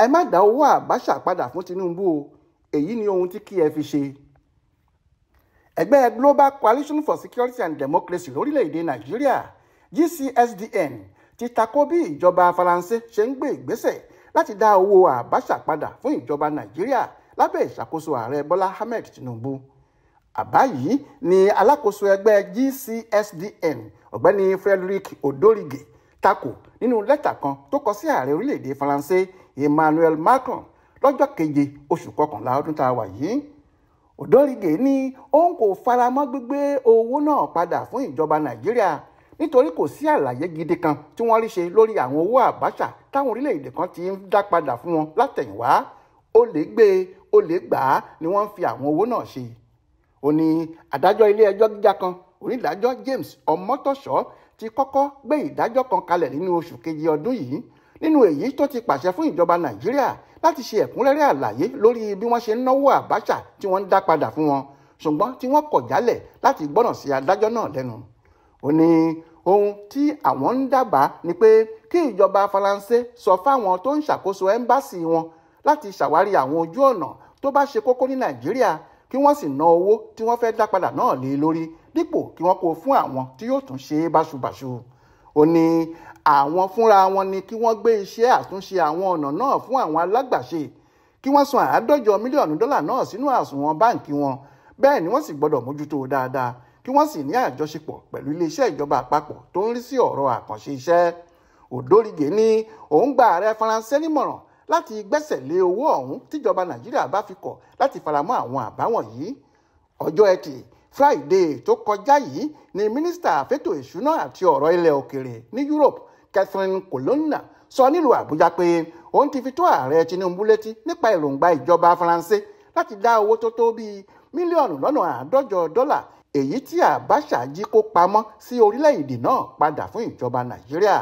ẹ má dá owó Abacha padà fún Tinubu o èyí ni ohun tí kí ẹ fi ṣe. ẹgbẹ́ Global Coalition for Security and Democracy lórílẹ̀‐èdè Nàìjíríà GCSDN ti takò bí ìjọba Faransé ṣe ń gbé ìgbésẹ̀ láti dá owó Abacha padà fún ìjọba Nàìjíríà lábẹ́ ìṣàkóso ààrẹ Bọ́lá Ahmed Tinubu àbá yìí ni alákòóso ẹgbẹ́ GCSDN ọ̀gbẹ́ni Frederick Odorige takò nínú lẹ́tà kan tó kọ sí ààrẹ orílẹ̀-èdè faransé emmanuel macron lọ́jọ́ keje oṣù kọkànlá ọdún tá a wà yìí òdòrìgè ní òun kò faramọ́ gbígbé owó náà padà fún ìjọba nàìjíríà nítorí kò sí àlàyé gidi kan tí wọ́n rí ṣe lórí àwọn owó àbáṣà táwọn orílẹ̀-èdè kan ti ń dá padà fún wọn látẹ̀yìnwá ó lè gbé ó lè gbà á ni wọ́n ń fi àwọn owó náà ṣe. ó ní adájọ́ ilé ẹjọ́ gíga kan onídàájọ́ James Ọmọ́tọ́ṣọ́ ti kọ́kọ́ gbé ìdájọ́ kan kalẹ̀ nínú oṣù kejì ọdún yìí nínú èyí tó ti pàṣẹ fún ìjọba nàìjíríà láti ṣe ẹ̀kúnrẹ́rẹ́ àlàyé lórí bí wọ́n ṣe ń náwó àbáṣà tí wọ́n ń dá padà fún wọn ṣùgbọ́n tí wọ́n kọ̀ jálẹ̀ láti gbọ́ràn sí adájọ́ náà lẹ́nu ó ní ohun tí àwọn ń dábàá ni pé kí ìjọba faransé sọ fáwọn tó ń ṣàkóso ẹ́mbáàsì wọn láti ṣàwárí àwọn ojú ọ̀nà tó bá ṣe kókó ní nàìjíríà kí wọ́n sì ná owó tí wọ́n fẹ́ dá padà náà lé lórí dípò kí wọ́n kó fún àwọn tí yóò tún ṣe é báṣubàṣu ó ní àwọn fúnra wọn ni kí wọ́n gbé iṣẹ́ àtúnṣe àwọn ọ̀nà náà fún àwọn alágbàṣe kí wọ́n san àádọ́jọ mílíọ̀nù dọ́là náà sínú àsùnwọ̀n báǹkì wọn bẹ́ẹ̀ ni wọ́n sì gbọ́dọ̀ mójútó dáadáa kí wọ́n sì ní àjọṣepọ̀ pẹ̀lú iléeṣẹ́ ìjọba àpapọ̀ tó ń rí sí ọ̀rọ̀ àkànṣe iṣẹ́ òdòrígé ní òun gba ààrẹ faransé nímọ̀ràn láti gbẹ́sẹ̀ lé owó ọ̀hún tíjọba nàìjíríà bá fi kọ̀ láti faramọ́ àwọn àbá wọ̀nyí ọjọ́ ẹtì friday tó kọjá yìí ni mínísítà fétò ìṣúná àti ọ̀rọ̀ ilẹ̀ òkèèrè ní europe catherine colonna sọ nílùú àbújá pé òun ti fi tó ààrẹ tinubu létí nípa èròǹgbà ìjọba faransé láti dá owó tó tó bíi mílíọ̀nù lọ́nà àádọ́jọ dọ́là èyí tí Abacha jí kó pamọ́ sí orílẹ̀-èdè náà padà fún ìjọba nàìjíríà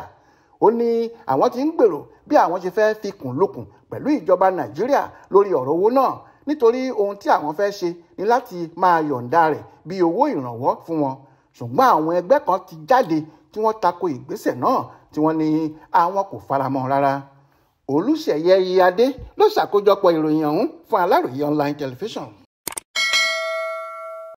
ó ní àwọn ti ń gbèrò bí àwọn ṣe fẹ́ẹ́ fi kùn lukùn pẹ̀lú ìjọba nàìjíríà lórí ọ̀rọ̀ owó náà nítorí ohun tí àwọn fẹ́ ṣe ni láti máa yọ̀ǹda rẹ̀ bí owó ìrànwọ́ fún wọn ṣùgbọ́n àwọn ẹgbẹ́ kan ti jáde tí wọ́n tako ìgbésẹ̀ náà tí wọ́n ní àwọn kò faramọ́ rárá olùṣeyẹ iyadé ló ṣàkójọpọ̀ ìròyìn ọ̀hún fún aláròye online television.